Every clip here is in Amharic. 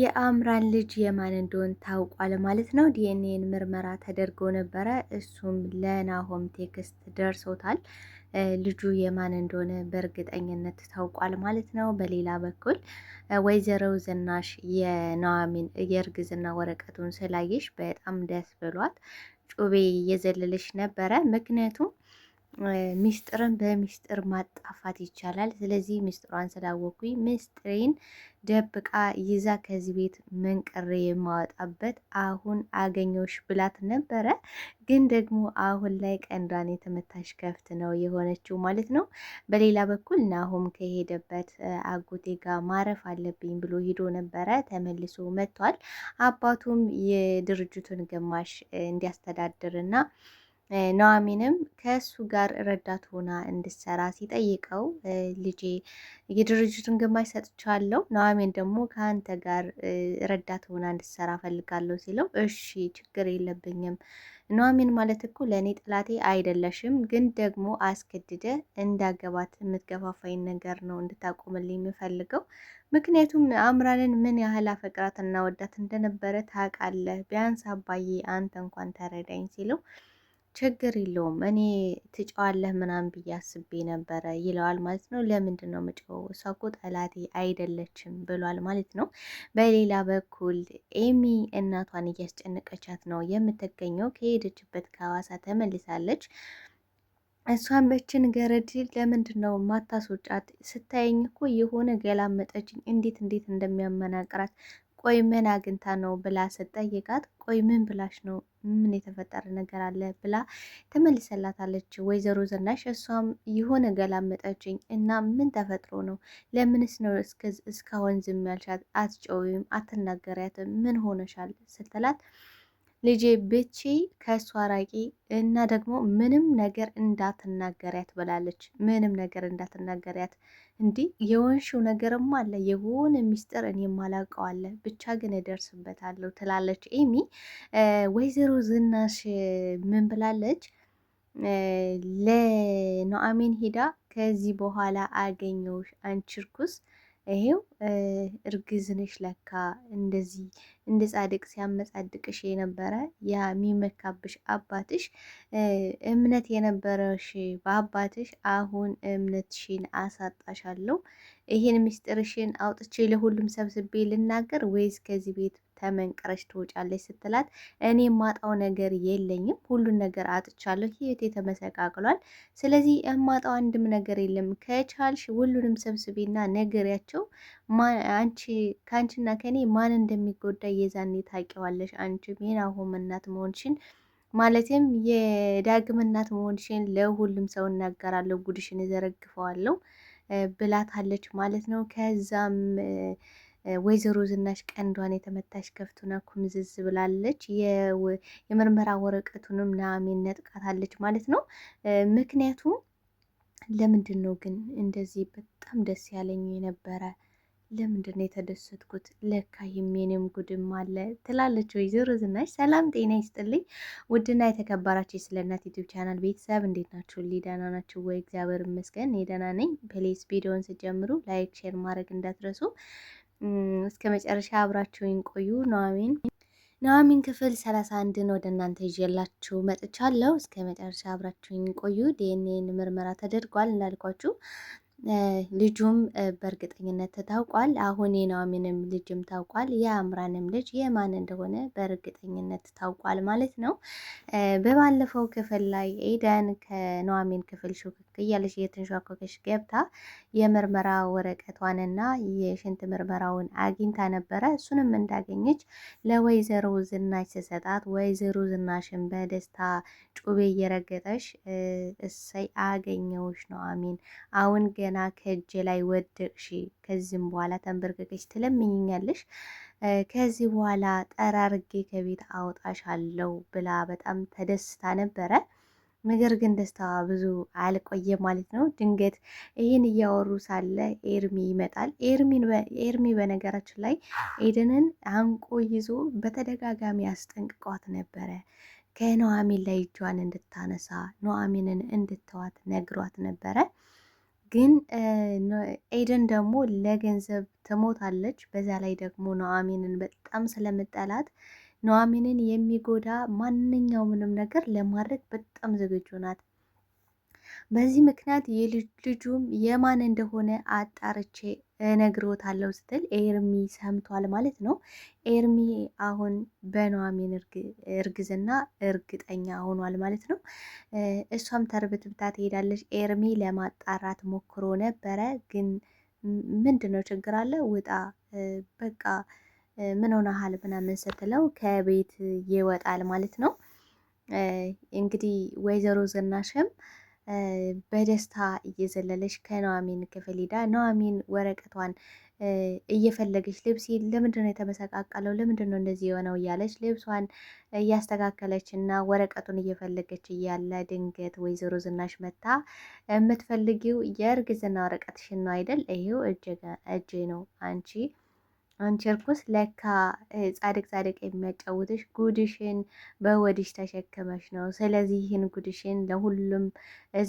የአምራን ልጅ የማን እንደሆን ታውቋል ማለት ነው። ዲኤንኤን ምርመራ ተደርጎ ነበረ። እሱም ለናሆም ቴክስት ደርሶታል። ልጁ የማን እንደሆነ በእርግጠኝነት ታውቋል ማለት ነው። በሌላ በኩል ወይዘሮ ዝናሽ የኑሐሚን የእርግዝና ወረቀቱን ስላየሽ በጣም ደስ ብሏት ጩቤ እየዘለለች ነበረ። ምክንያቱም ሚስጥርን በሚስጥር ማጣፋት ይቻላል። ስለዚህ ሚስጥሯን ስላወኩኝ ሚስጥሬን ደብቃ ይዛ ከዚህ ቤት መንቅሬ የማወጣበት አሁን አገኘሽ ብላት ነበረ። ግን ደግሞ አሁን ላይ ቀንዷን የተመታሽ ከፍት ነው የሆነችው ማለት ነው። በሌላ በኩል ናሆም ከሄደበት አጎቴ ጋር ማረፍ አለብኝ ብሎ ሂዶ ነበረ። ተመልሶ መጥቷል። አባቱም የድርጅቱን ግማሽ እንዲያስተዳድርና ኑሐሚንም ከእሱ ጋር ረዳት ሆና እንድሰራ ሲጠይቀው ልጄ የድርጅቱን ግማሽ ሰጥቻለሁ፣ ኑሐሚን ደግሞ ከአንተ ጋር ረዳት ሆና እንድሰራ ፈልጋለሁ ሲለው እሺ ችግር የለብኝም ኑሐሚን ማለት እኮ ለእኔ ጥላቴ አይደለሽም፣ ግን ደግሞ አስገድደ እንዳገባት የምትገፋፋኝ ነገር ነው እንድታቆምልኝ የምፈልገው። ምክንያቱም አምራንን ምን ያህል አፈቅራት እና ወዳት እንደነበረ ታውቃለህ። ቢያንስ አባዬ አንተ እንኳን ተረዳኝ ሲለው ችግር የለውም እኔ ትጨዋለህ ምናምን ብዬ አስቤ ነበረ ይለዋል ማለት ነው። ለምንድን ነው የምጨው? እሷ እኮ ጠላቴ አይደለችም ብሏል ማለት ነው። በሌላ በኩል ኤሚ እናቷን እያስጨነቀቻት ነው የምትገኘው። ከሄደችበት ከሐዋሳ ተመልሳለች። እሷን በችን ገረድ ለምንድን ነው ማታስወጫት? ስታየኝ እኮ የሆነ ገላመጠችኝ። እንዴት እንዴት እንደሚያመናቅራት ቆይ ምን አግኝታ ነው ብላ ስትጠይቃት፣ ቆይ ምን ብላሽ ነው ምን የተፈጠረ ነገር አለ ብላ ተመልሰላታለች ወይዘሮ ዝናሽ። እሷም የሆነ ገላመጠችኝ እና ምን ተፈጥሮ ነው? ለምንስ ነው እስካሁን ዝም ያልሻት? አትጨውም፣ አትናገሪያትም፣ ምን ሆነሻል ስትላት ልጄ ብቺ ከእሷ ራቂ እና ደግሞ ምንም ነገር እንዳትናገሪያት ብላለች። ምንም ነገር እንዳትናገሪያት። እንዲህ የወንሽው ነገርም አለ የሆነ ሚስጥር እኔ የማላውቀው ብቻ ግን እደርስበታለሁ ትላለች ኤሚ። ወይዘሮ ዝናሽ ምን ብላለች? ለኑአሚን ሂዳ ከዚህ በኋላ አገኘሁሽ አንቺ እርኩስ፣ ይሄው እርግዝንሽ ለካ እንደዚህ እንደ ጻድቅ ሲያመጻድቅሽ የነበረ የሚመካብሽ አባትሽ እምነት የነበረሽ በአባትሽ አሁን እምነትሽን አሳጣሻለሁ። ይህን ምስጢርሽን አውጥቼ ለሁሉም ሰብስቤ ልናገር ወይስ ከዚህ ቤት ተመንቅረሽ ትወጫለች ስትላት እኔ የማጣው ነገር የለኝም፣ ሁሉን ነገር አጥቻለሁ፣ ህይወቴ ተመሰቃቅሏል። ስለዚህ የማጣው አንድም ነገር የለም። ከቻልሽ ሁሉንም ሰብስቤና ነገሪያቸው አንቺ ከአንቺና ከኔ ማን እንደሚጎዳ የዛኔ ታውቂዋለሽ። አንቺም የናሆም እናት መሆንሽን ማለትም የዳግም እናት መሆንሽን ለሁሉም ሰው እናገራለሁ፣ ጉድሽን ዘረግፈዋለሁ ብላታለች ማለት ነው። ከዛም ወይዘሮ ዝናሽ ቀንዷን የተመታች ከፍቱና ኩምዝዝ ብላለች። የምርመራ ወረቀቱንም ኑሃሚን ነጥቃታለች ማለት ነው። ምክንያቱም ለምንድን ነው ግን እንደዚህ በጣም ደስ ያለኝ የነበረ ለምንድን ነው የተደሰትኩት? ለካ የኔም ጉድም አለ ትላለች ወይዘሮ ዝናሽ። ሰላም ጤና ይስጥልኝ ውድና የተከበራችሁ ስለ እናት ዩቲብ ቻናል ቤተሰብ እንዴት ናችሁ? ደህና ናችሁ ወይ? እግዚአብሔር ይመስገን ደህና ነኝ። ፕሌስ ቪዲዮውን ስጀምሩ ላይክ፣ ሼር ማድረግ እንዳትረሱ። እስከ መጨረሻ አብራችሁኝ ቆዩ። ኑሐሚን ኑሐሚን ክፍል ሰላሳ አንድን ወደ እናንተ ይዤላችሁ መጥቻለሁ። እስከ መጨረሻ አብራችሁኝ ቆዩ። ዲኤንኤን ምርመራ ተደርጓል እንዳልኳችሁ ልጁም በእርግጠኝነት ታውቋል። አሁን የኑሐሚንም ልጅም ታውቋል። የአምራንም ልጅ የማን እንደሆነ በእርግጠኝነት ታውቋል ማለት ነው። በባለፈው ክፍል ላይ ኤደን ከኑሐሚን ክፍል ሹክክ እያለች እየተንሸኮከች ገብታ የምርመራ ወረቀቷንና የሽንት ምርመራውን አግኝታ ነበረ። እሱንም እንዳገኘች ለወይዘሮ ዝናሽ ስሰጣት ወይዘሮ ዝናሽን በደስታ ጩቤ እየረገጠች እሰይ አገኘውሽ ኑሐሚን አሁን ገ ገና ከእጄ ላይ ወደቅሽ፣ ከዚህም በኋላ ተንበርክከሽ ትለምኝኛለሽ፣ ከዚህ በኋላ ጠራርጌ ከቤት አውጣሽ አለው ብላ በጣም ተደስታ ነበረ። ነገር ግን ደስታዋ ብዙ አልቆየ ማለት ነው። ድንገት ይህን እያወሩ ሳለ ኤርሚ ይመጣል። ኤርሚ በነገራችን ላይ ኤደንን አንቆ ይዞ በተደጋጋሚ አስጠንቅቋት ነበረ። ከኑሐሚን ላይ እጇን እንድታነሳ ኑሐሚንን እንድተዋት ነግሯት ነበረ። ግን ኤደን ደግሞ ለገንዘብ ትሞታለች። በዛ ላይ ደግሞ ኑሐሚንን በጣም ስለምጠላት ኑሐሚንን የሚጎዳ ማንኛውንም ነገር ለማድረግ በጣም ዝግጁ ናት። በዚህ ምክንያት የልጁም የማን እንደሆነ አጣርቼ እነግሮታለሁ ስትል ኤርሚ ሰምቷል ማለት ነው። ኤርሚ አሁን በኑሐሚን እርግዝና እርግጠኛ ሆኗል ማለት ነው። እሷም ተርብትብታ ትሄዳለች። ኤርሚ ለማጣራት ሞክሮ ነበረ። ግን ምንድን ነው ችግር አለ? ውጣ በቃ ምን ሆነሃል? ምናምን ስትለው ከቤት ይወጣል ማለት ነው። እንግዲህ ወይዘሮ ዝናሽም በደስታ እየዘለለች ከኑሐሚን ክፍል ሄዳ ኑሐሚን ወረቀቷን እየፈለገች ልብስ ለምንድን ነው የተመሰቃቀለው? ለምንድን ነው እንደዚህ የሆነው? እያለች ልብሷን እያስተካከለች እና ወረቀቱን እየፈለገች እያለ ድንገት ወይዘሮ ዝናሽ መታ የምትፈልጊው የእርግዝና ወረቀትሽን ነው አይደል? ይሄው እጄ ነው አንቺ አንቺ እርኩስ ለካ ጻድቅ ጻድቅ የሚያጫውትሽ ጉድሽን በወዲሽ ተሸክመሽ ነው። ስለዚህ ይህን ጉድሽን ለሁሉም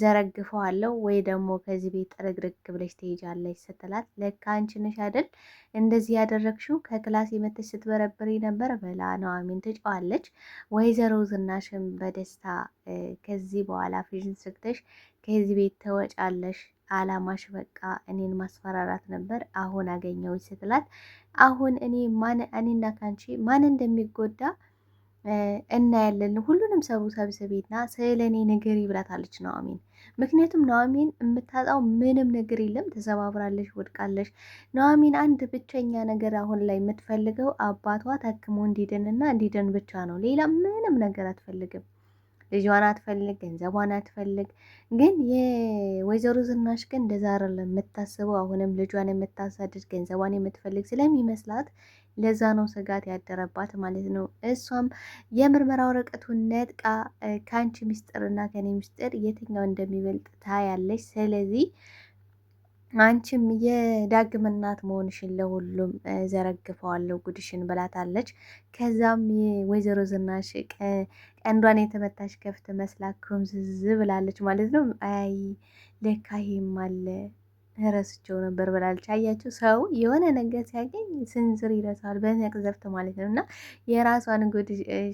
ዘረግፈዋለሁ ወይ ደግሞ ከዚህ ቤት ጥርግርግ ብለሽ ትሄጃለሽ ስትላት ለካ አንቺ ነሽ አይደል እንደዚህ ያደረግሽው ከክላስ የመተሽ ስትበረብሪ ነበር ብላ ኑሐሚን ትጫዋለች። ወይዘሮ ዝናሽን በደስታ ከዚህ በኋላ ፊሽን ስግተሽ ከዚህ ቤት ተወጫለሽ አላማሽ በቃ እኔን ማስፈራራት ነበር፣ አሁን አገኘው ስትላት አሁን እኔ ማን እኔና ካንቺ ማን እንደሚጎዳ እናያለን ሁሉንም ሰቡ ሰብስቤና ስለ እኔ ነገር ብላታለች ነዋሚን ምክንያቱም ኑሐሚን የምታጣው ምንም ነገር የለም፣ ተዘባብራለች፣ ወድቃለች። ነዋሚን አንድ ብቸኛ ነገር አሁን ላይ የምትፈልገው አባቷ ታክሞ እንዲድንና እንዲድን ብቻ ነው። ሌላ ምንም ነገር አትፈልግም። ልጇን አትፈልግ፣ ገንዘቧን አትፈልግ። ግን የወይዘሮ ዝናሽ ግን እንደዛ አይደለም የምታስበው። አሁንም ልጇን የምታሳድድ ገንዘቧን የምትፈልግ ስለሚመስላት ለዛ ነው ስጋት ያደረባት ማለት ነው። እሷም የምርመራ ወረቀቱን ነጥቃ ከአንቺ ሚስጥርና ከኔ ሚስጥር የትኛው እንደሚበልጥ ታያለች። ስለዚህ አንቺም የዳግም እናት መሆንሽን ለሁሉም ዘረግፈዋለሁ ጉድሽን ብላታለች። ከዛም ወይዘሮ ዝናሽ ቀንዷን የተመታሽ ከፍት መስላ ኩምዝዝ ብላለች ማለት ነው። አይ ለካ አለ ረስቸው ነበር ብላለች። አያቸው ሰው የሆነ ነገር ሲያገኝ ስንዝር ይረሳዋል በመቅዘፍት ማለት ነው። እና የራሷን ጉድ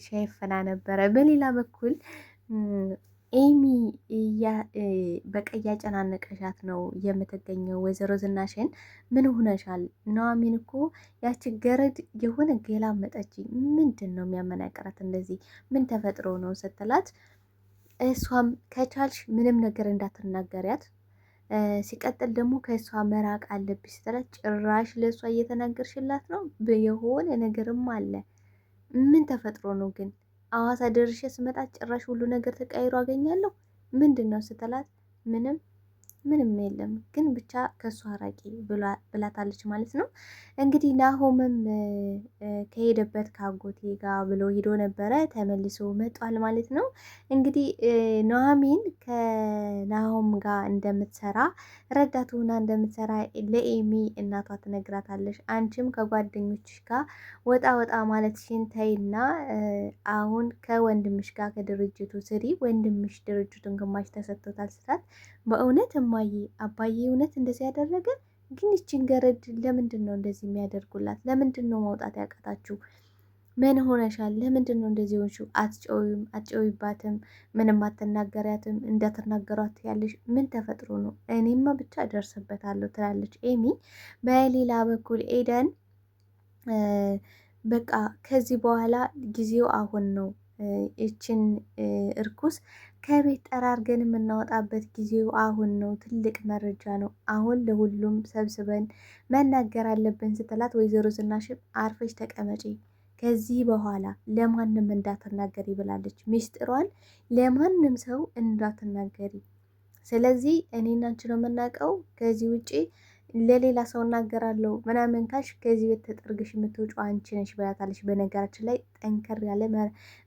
ሸፍና ነበረ። በሌላ በኩል ኤሚ በቃ እያጨናነቀሻት ነው የምትገኘው። ወይዘሮ ዝናሽን ምን ሆነሻል? ኑሐሚን እኮ ያቺ ገረድ የሆነ መጠች። ምንድን ነው የሚያመናቅራት? እንደዚህ ምን ተፈጥሮ ነው ስትላት፣ እሷም ከቻልሽ ምንም ነገር እንዳትናገሪያት፣ ሲቀጥል ደግሞ ከእሷ መራቅ አለብሽ ስትላት፣ ጭራሽ ለእሷ እየተናገርሽላት ነው። የሆነ ነገርም አለ። ምን ተፈጥሮ ነው ግን አዋሳ ደርሼ ስመጣ ጭራሽ ሁሉ ነገር ተቀይሮ አገኛለሁ ምንድን ነው ስትላት ምንም ምንም የለም ግን ብቻ ከእሱ አራቂ ብላታለች ማለት ነው። እንግዲህ ናሆምም ከሄደበት ከአጎቴ ጋር ብሎ ሂዶ ነበረ ተመልሶ መጧል ማለት ነው። እንግዲህ ኑሐሚን ከናሆም ጋር እንደምትሰራ ረዳት ሆና እንደምትሰራ ለኤሚ እናቷ ትነግራታለች። አንቺም ከጓደኞችሽ ጋር ወጣ ወጣ ሽን ተይና አሁን ከወንድምሽ ጋር ከድርጅቱ ስሪ፣ ወንድምሽ ድርጅቱን ግማሽ ተሰጥቶታል ስላት በእውነት እማዬ አባዬ እውነት እንደዚህ ያደረገ? ግን ይችን ገረድ ለምንድን ነው እንደዚህ የሚያደርጉላት? ለምንድን ነው መውጣት ያቃታችሁ? ምን ሆነሻል? ለምንድን ነው እንደዚህ ሆንሽ? አትጨውም፣ አትጨውባትም፣ ምንም አትናገሪያትም። እንዳትናገሯት ያለሽ ምን ተፈጥሮ ነው? እኔማ ብቻ እደርስበታለሁ ትላለች ኤሚ። በሌላ በኩል ኤደን በቃ ከዚህ በኋላ ጊዜው አሁን ነው ይችን እርኩስ ከቤት ጠራርገን የምናወጣበት ጊዜው አሁን ነው። ትልቅ መረጃ ነው። አሁን ለሁሉም ሰብስበን መናገር አለብን ስትላት ወይዘሮ ዝናሽም አርፈች ተቀመጪ፣ ከዚህ በኋላ ለማንም እንዳትናገሪ ብላለች። ሚስጥሯን ለማንም ሰው እንዳትናገሪ። ስለዚህ እኔ አንቺ ነው የምናውቀው ከዚህ ውጪ ለሌላ ሰው እናገራለሁ ምናምን ካልሽ ከዚህ ቤት ተጠርግሽ የምትውጪው አንቺ ነሽ ብላታለች። በነገራችን ላይ ጠንከር ያለ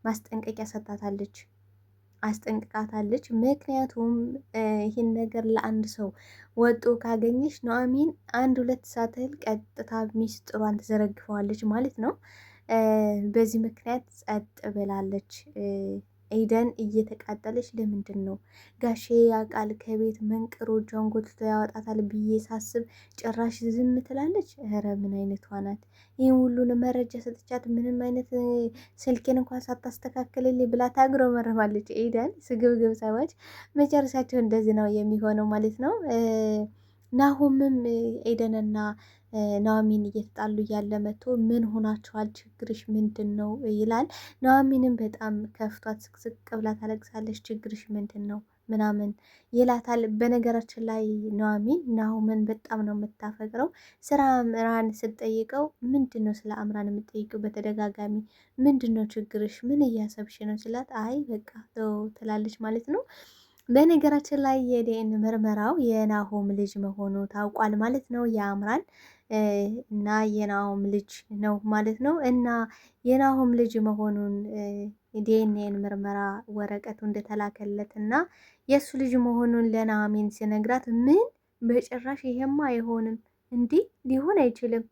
ማስጠንቀቂያ ሰጣታለች አስጠንቅቃታለች። ምክንያቱም ይህን ነገር ለአንድ ሰው ወጦ ካገኘሽ ኑሐሚን አንድ ሁለት ሳትል ቀጥታ ሚስጥሯን ትዘረግፈዋለች ማለት ነው። በዚህ ምክንያት ጸጥ ብላለች። ኤደን እየተቃጠለች ለምንድን ነው ጋሼ ያውቃል ከቤት መንቅሮ እጇን ጎትቶ ያወጣታል ብዬ ሳስብ ጭራሽ ዝም ትላለች። እረ ምን አይነቷ ናት! ይህን ሁሉን መረጃ ሰጥቻት ምንም አይነት ስልኬን እንኳን ሳታስተካክልልኝ ብላ ታግሮ መረማለች። ኤደን ስግብግብ ሰዎች መጨረሻቸው እንደዚህ ነው የሚሆነው ማለት ነው። ናሁምም ኤደንና ኑሐሚን እየተጣሉ እያለ መጥቶ ምን ሆናችኋል? ችግርሽ ምንድን ነው ይላል። ኑሐሚንም በጣም ከፍቷት ስቅስቅ ብላ ታለቅሳለች። ችግርሽ ምንድን ነው ምናምን ይላታል። በነገራችን ላይ ኑሐሚን ናሁምን በጣም ነው የምታፈቅረው። ስለ አምራን ስትጠይቀው ምንድን ነው ስለ አምራን የምጠይቀው በተደጋጋሚ ምንድን ነው ችግርሽ? ምን እያሰብሽ ነው ስላት አይ በቃ ትላለች ማለት ነው። በነገራችን ላይ የዴን ምርመራው የናሆም ልጅ መሆኑ ታውቋል ማለት ነው የአምራን እና የናሆም ልጅ ነው ማለት ነው። እና የናሆም ልጅ መሆኑን ዲኤንኤን ምርመራ ወረቀቱ እንደተላከለት እና የእሱ ልጅ መሆኑን ለኑሃሚን ሲነግራት ምን በጭራሽ ይሄማ አይሆንም፣ እንዲህ ሊሆን አይችልም፣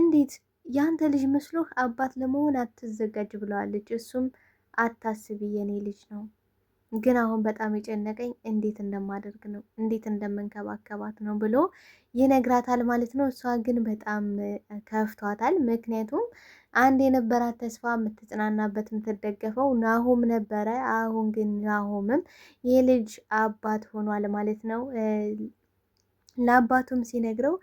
እንዴት ያንተ ልጅ መስሎህ አባት ለመሆን አትዘጋጅ ብለዋለች። እሱም አታስብ የኔ ልጅ ነው ግን አሁን በጣም የጨነቀኝ እንዴት እንደማደርግ ነው፣ እንዴት እንደምንከባከባት ነው ብሎ ይነግራታል ማለት ነው። እሷ ግን በጣም ከፍቷታል። ምክንያቱም አንድ የነበራት ተስፋ የምትጽናናበት የምትደገፈው ናሆም ነበረ። አሁን ግን ናሆምም የልጅ አባት ሆኗል ማለት ነው። ለአባቱም ሲነግረው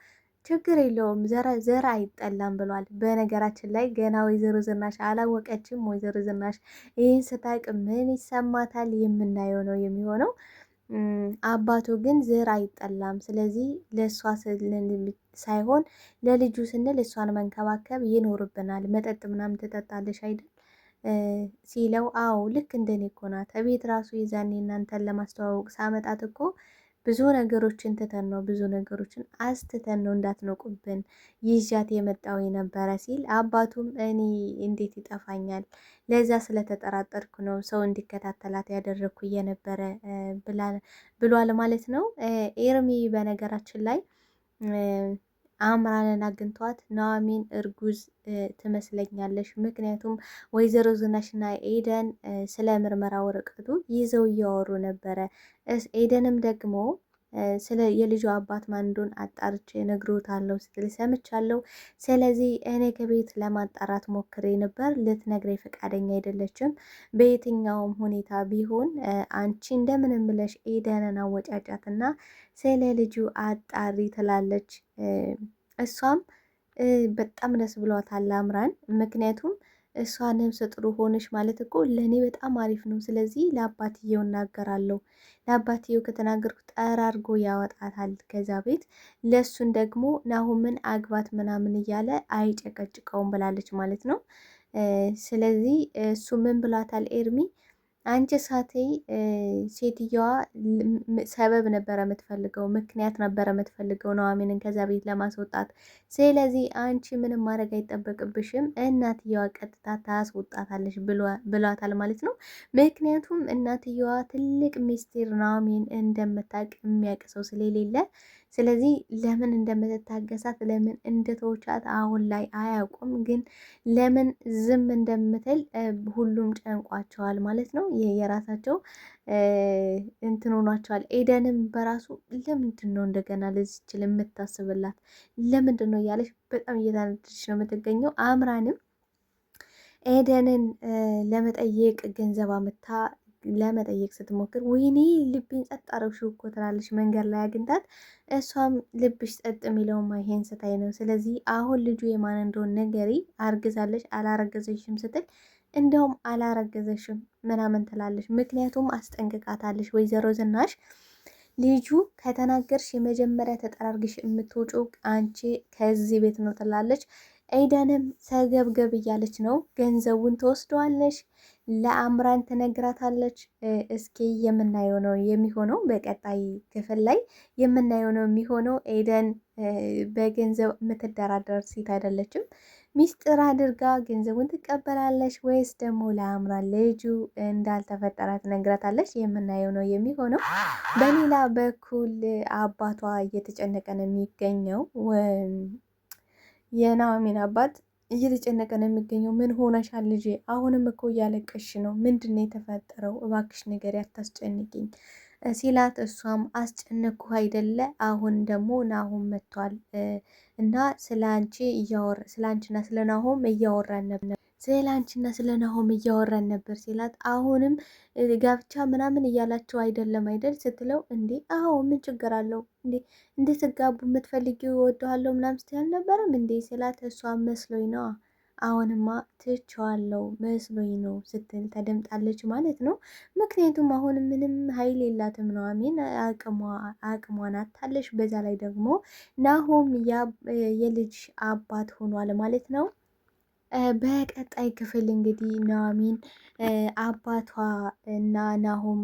ችግር የለውም ዘር አይጠላም ብሏል። በነገራችን ላይ ገና ወይዘሮ ዝናሽ አላወቀችም። ወይዘሮ ዝናሽ ይህን ስታቅ ምን ይሰማታል የምናየው ነው የሚሆነው። አባቱ ግን ዘር አይጠላም፣ ስለዚህ ለእሷ ሳይሆን ለልጁ ስንል እሷን መንከባከብ ይኖርብናል። መጠጥ ምናምን ትጠጣለሽ አይደል ሲለው፣ አዎ ልክ እንደኔ እኮ ናት። ቤት ራሱ የዛኔ እናንተን ለማስተዋወቅ ሳመጣት እኮ ብዙ ነገሮችን ትተን ነው ብዙ ነገሮችን አስትተን ነው እንዳትነቁብን ይዣት የመጣው የነበረ ሲል አባቱም እኔ እንዴት ይጠፋኛል ለዛ ስለተጠራጠርኩ ነው ሰው እንዲከታተላት ያደረግኩ እየነበረ ብሏል ማለት ነው ኤርሚ በነገራችን ላይ አምራንን አግኝቷት ኑሐሚን እርጉዝ ትመስለኛለሽ፣ ምክንያቱም ወይዘሮ ዝናሽና ኤደን ስለ ምርመራ ወረቀቱ ይዘው እያወሩ ነበረ። ኤደንም ደግሞ ስለ የልጁ አባት ማን እንደሆነ አጣርቼ ነግሮታለሁ ስትል ሰምቻለሁ። ስለዚህ እኔ ከቤት ለማጣራት ሞክሬ ነበር፣ ልትነግሬ ፈቃደኛ አይደለችም። በየትኛውም ሁኔታ ቢሆን አንቺ እንደምንም ብለሽ ኤደንን አወጫጫትና ስለ ልጁ አጣሪ ትላለች። እሷም በጣም ደስ ብሏታል አምራን ምክንያቱም እሷ ነብሰ ጥሩ ሆነሽ ማለት እኮ ለእኔ በጣም አሪፍ ነው። ስለዚህ ለአባትየው እናገራለሁ። ለአባትየው ከተናገርኩ ጠራርጎ ያወጣታል ከዛ ቤት። ለእሱን ደግሞ ናሁምን አግባት ምናምን እያለ አይጨቀጭቀውም ብላለች ማለት ነው። ስለዚህ እሱ ምን ብሏታል ኤርሚ አንቺ ሳትይ ሴትየዋ ሰበብ ነበረ የምትፈልገው፣ ምክንያት ነበረ የምትፈልገው ኑሐሚንን ከዛ ቤት ለማስወጣት። ስለዚህ አንቺ ምንም ማድረግ አይጠበቅብሽም፣ እናትየዋ ቀጥታ ታስወጣታለሽ ብሏታል ማለት ነው። ምክንያቱም እናትየዋ ትልቅ ሚስጢር ኑሐሚን እንደምታውቅ የሚያውቅ ሰው ስለሌለ ስለዚህ ለምን እንደምትታገሳት ለምን እንደተወቻት አሁን ላይ አያውቁም። ግን ለምን ዝም እንደምትል ሁሉም ጨንቋቸዋል ማለት ነው። ይህ የራሳቸው እንትን ሆኗቸዋል። ኤደንም በራሱ ለምንድን ነው እንደገና ለዚችል የምታስብላት ለምንድን ነው እያለች በጣም እየታነደች ነው የምትገኘው። አምራንም ኤደንን ለመጠየቅ ገንዘብ አምታ ለመጠየቅ ስትሞክር ወይኔ ልብኝ ጸጥ አረግሽው እኮ ትላለች መንገድ ላይ አግኝታት። እሷም ልብሽ ጸጥ የሚለውማ ይሄን ስታይ ነው። ስለዚህ አሁን ልጁ የማን እንደሆን ነገሪ፣ አርግዛለች አላረገዘሽም ስትል እንደውም አላረገዘሽም ምናምን ትላለች። ምክንያቱም አስጠንቅቃታለች ወይዘሮ ዝናሽ ልጁ ከተናገርሽ የመጀመሪያ ተጠራርግሽ የምትወጪው አንቺ ከዚህ ቤት ነው ትላለች። ኤደንም ሰገብገብ እያለች ነው። ገንዘቡን ትወስደዋለች፣ ለአምራን ትነግራታለች። እስኪ የምናየው ነው የሚሆነው። በቀጣይ ክፍል ላይ የምናየው ነው የሚሆነው። ኤደን በገንዘብ የምትደራደር ሴት አይደለችም። ሚስጥር አድርጋ ገንዘቡን ትቀበላለች ወይስ ደግሞ ለአምራን ልጁ እንዳልተፈጠረ ትነግራታለች? የምናየው ነው የሚሆነው። በሌላ በኩል አባቷ እየተጨነቀ ነው የሚገኘው የኑሃሚን አባት እየተጨነቀ ነው የሚገኘው። ምን ሆነሻል ልጄ? አሁንም እኮ እያለቀሽ ነው። ምንድን ነው የተፈጠረው? እባክሽ ነገር ያታስጨንቅኝ ሲላት እሷም አስጨነኩ አይደለ? አሁን ደግሞ ናሆም መጥቷል እና ስለ አንቺ እያወራ ስለ አንቺና ስለ ናሆም እያወራን ነበር ስለ አንቺና ስለ ናሆም እያወራን ነበር ሲላት፣ አሁንም ጋብቻ ምናምን እያላቸው አይደለም አይደል ስትለው፣ እንዴ አዎ ምን ችግር አለው እንዴ እንዴ ስጋቡ የምትፈልጊ ወደኋለው ምናም ስትይ አልነበረም እንዴ ሲላት፣ እሷ መስሎኝ ነው አሁንማ ትቸዋለው መስሎኝ ነው ስትል ተደምጣለች ማለት ነው። ምክንያቱም አሁን ምንም ኃይል የላትም ነው አሜን አቅሟን አታለች። በዛ ላይ ደግሞ ናሆም የልጅ አባት ሆኗል ማለት ነው። በቀጣይ ክፍል እንግዲህ ኑሐሚን አባቷ እና ናሆም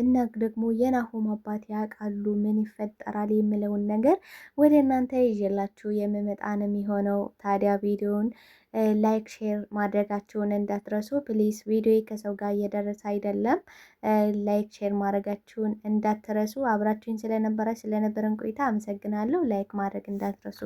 እና ደግሞ የናሆም አባት ያውቃሉ ምን ይፈጠራል የሚለውን ነገር ወደ እናንተ ይዤላችሁ የምመጣን የሚሆነው። ታዲያ ቪዲዮውን ላይክ፣ ሼር ማድረጋችሁን እንዳትረሱ ፕሊስ። ቪዲዮ ከሰው ጋር እየደረሰ አይደለም። ላይክ፣ ሼር ማድረጋችሁን እንዳትረሱ። አብራችሁን ስለነበረ ስለነበረን ቆይታ አመሰግናለሁ። ላይክ ማድረግ እንዳትረሱ።